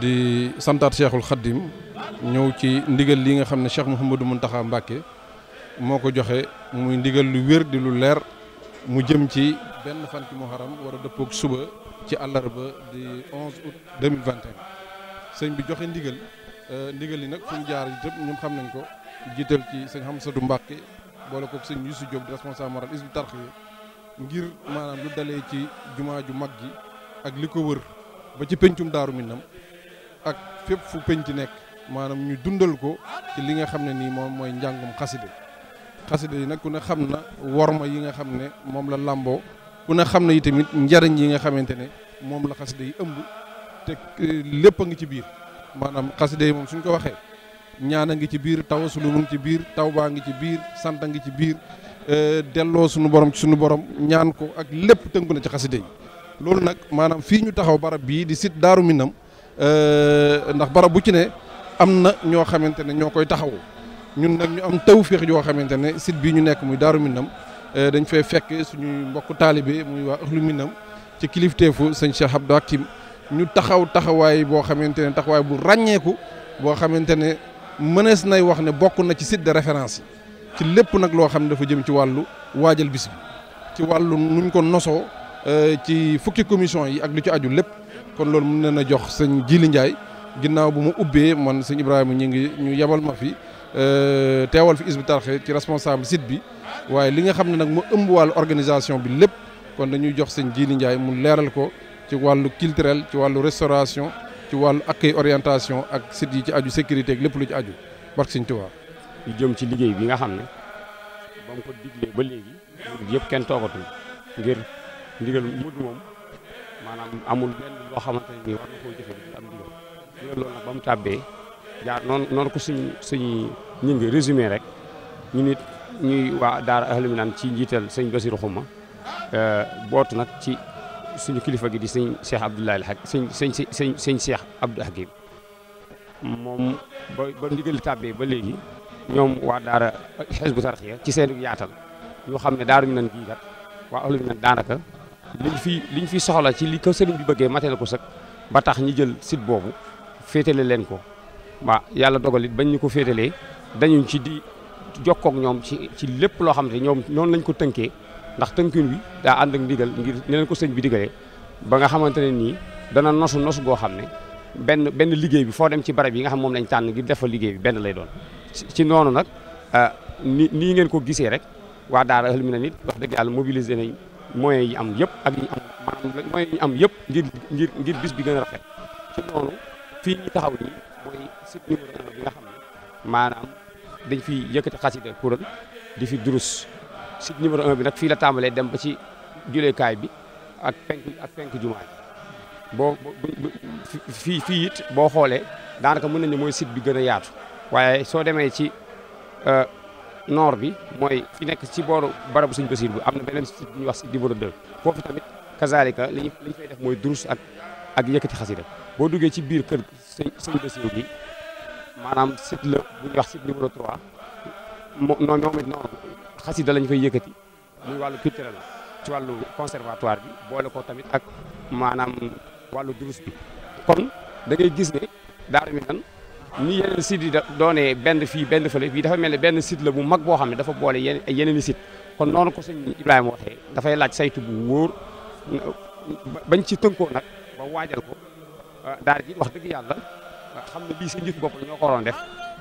di santaat cheikhul xaddim ñëw ci ndigal li nga xam ne cheikh Mouhamadou Mountakha Mbacké moo ko joxe muy ndigal lu wér di lu leer mu jëm ci benn fan ci muharam war a dëppoog suba ci àllarba di 11 août 2021 sëñ bi joxe ndigal euh, ndigal li nag fu mu jaar yëpp ñoom xam nañ ko jiital ci sëñ Hamsadou Mbacké boole ko sëñ Youssou Diop di responsable moral Hizbut Tarqiyyah ngir maanaam lu dalee ci jumaa ju mag ji ak li ko wër ba ci pencum daaru Minam ak fépp fu ci nekk maanaam ñu dundal ko ci li nga xam ne nii moom mooy njàngum xasida xasida yi nag ku ne xam na worma yi nga xam ne moom la làmboo ku ne xam na yi tamit njariñ yi nga xamante ne moom la xasida yi ëmb te eh, lépp a ngi ci biir maanaam xasida yi moom suñ ko waxee ñaan a ngi ci biir tawasulu mu ngi ci biir taw tawbaa ngi ci biir sant a ngi ci biir eh, delloo suñu borom ci suñu borom ñaan ko ak lépp tënku na ci xasida yi loolu nag maanaam fii ñu taxaw barab bii di site Daaru Minam Euh, ndax bara bu ci ne am na ñoo xamante ne ñoo koy taxawu ñun nag ñu am tawféex yoo xamante ne site bii ñu nekk muy Daaru Minam euh, dañ fay fekk suñuy mbokk taalibe muy wax Ahlu Minam ci kilifteefu sëñ Cheikh Abdou Hakim ñu taxaw taxawaay boo xamante ne taxawaay bu ràññeeku boo xamante ne mënees nay wax ne bokk na ci site de référence yi ci lépp nag loo xam ne dafa jëm ci wàllu waajal bis ci wàllu nuñ ko nosoo Euh, ci fukki commission yi ak lu ci aju lépp kon loolu mën na jox sëñ jiili Ndiaye ginnaaw bu mu ubbee man sëñ Ibrahima ñu ngi ñu yebal ma fi euh, teewal fi Hizbut Tarqiyyah ci responsable site bi waaye li nga xam ne nag mu ëmb wàllu organisation bi lépp kon dañuy jox sëñ Jili Ndiaye mu leeral ko ci wàllu culturel ci wàllu restauration ci wàllu accueil orientation ak site yi ci aju sécurité lépp lu ci aju barke sëñ Tuubaa yu jëm ci liggéey bi nga xam ne ba mu ba léegi yëpp kenn toogatul ngir ndigal murid moom maanaam amul benn loo xamante ne nii war na koo jëfee am ndigal ndigal loolu nag ba mu tàbbee jaar noonu ko suñ suñu ñu résumé rek ñu nit ñuy waa daara Ahlu ci njiital sëñ Basiru Xuma euh, bootu nag ci suñu kilifa gi di sëñ Cheikh Abdoulaye El Hak sëñ sëñ sëñ sëñ Cheikh Abdou Hakim moom ba ba ndigal tàbbee ba léegi ñoom waa daara Hizbut Tarqiyyah ci seen yaatal ñu xam ne Daaru Minane gii kat waa Ahlu daanaka liñ fi liñ fi soxla ci li ko sëriñ bi bëggee mate na ko sax ba tax ñu jël site boobu féetale leen ko waa yàlla dogal it bañ ñu ko féetalee dañuñ ci di jokkook ñoom ci ci lépp loo xam ne ñoom noonu lañ ko tënkee ndax tënkin wi daa ànd ak ndigal ngir ne leen ko sëñ bi digalee ba nga xamante ne nii dana nosu nosu goo xam ne benn benn liggéey bi foo dem ci barab yi nga xam moom lañ tànn ngir defal liggéey bi benn lay doon ci noonu nag ah, ni nii ngeen ko gisee rek waa daara Hilmina nit wax dëgg yàlla mobilisé nañ moyens yi am yëpp ak yi am maanaam moyens yi am yëpp ngir ngir bis bi gën a rafet ci noonu fii ñu taxaw nii mooy site numéro un bi nga xam ne maanaam dañ fi yëkkati xasida kuréel di fi durus site numéro un bi nag fii la tàmbalee dem ba ci jullikaay bi ak penk ak penk boo fii fii it boo xoolee daanaka mën nañ mooy sit bi gën a yaatu waaye soo demee ci euh, nord bi mooy fi nekk ci booru barabu sëñ Basiir bi am na beneen site bu ñuy wax site numéro 2 foofu tamit kazalika li ñu li ñu fay def mooy durus ak ak yëkkati xasida boo duggee ci biir kër sëñ sëñ Basiir bi maanaam site la bu ñuy wax site numéro 3 mo noonu moom it noonu xasida lañ fay yëkkati muy wàllu culturel ci wàllu conservatoire bi boole ko tamit ak maanaam wàllu durus bi kon da gis ne daaru ni yeneen sites yi da doonee benn fii benn fële bii dafa mel ne benn site la bu mag boo xam ne dafa boole yenn yeneen i site kon noonu ko sëñ Ibrahima waxee dafay laaj saytu bu wóor bañ ci tënkoo nag ba waajal ko ah, daal ji wax dëgg yàlla ah, xam ne lii seen jëf ñoo ko waroon def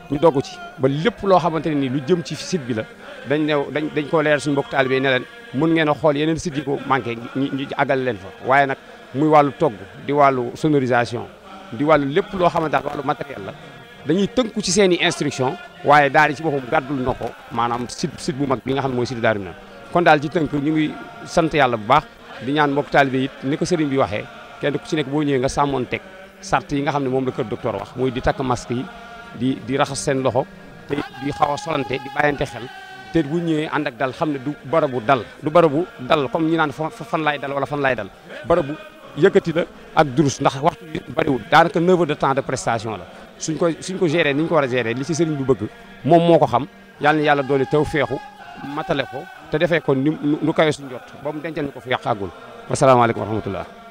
ñu dogg ci ba lépp loo xamante ne nii lu jëm ci site bi la dañ ne dañ dañ ko leer suñu mbokk taalibe ne leen mën ngeen xool yeneen site yi ko manqué ñu àggal leen fa waaye nag muy wàllu togg di wàllu sonorisation di wàllu lépp loo xamante ne wàllu la dañuy tënku ci seen i instruction waaye daal di ci boppam gàddul na ko maanaam site site bu mag bi nga xam ne mooy site Daaru Minam kon daal ci tënk ñu ngi sant yàlla bu baax di ñaan mbokk taalibe it ni ko sëriñ bi waxee kenn ku ci nekk boo ñëwee nga sàmmoon teg sart yi nga xam ne moom la kër docteur wax mooy di takk masque yi di di raxas seen loxo te di xaw a solante di bàyyante xel te bu ñëwee ànd ak dal xam ne du barabu dal du barabu dal comme ñu naan fan laay dal wala fan laay dal barabu yëkkati la ak durus ndax waxtu bi bariwul daanaka 9 de temps de prestation la suñ ko suñ ko géré ni ko war a géré li ci sëriñ bi bëgg moom moo ko xam yàlla na yàlla doole taw feexu matale ko te defee ko ni nu kawe suñ jot ba mu dencal ñu ko fi yàqaagul wasalaamaaleykum wa rahmatullah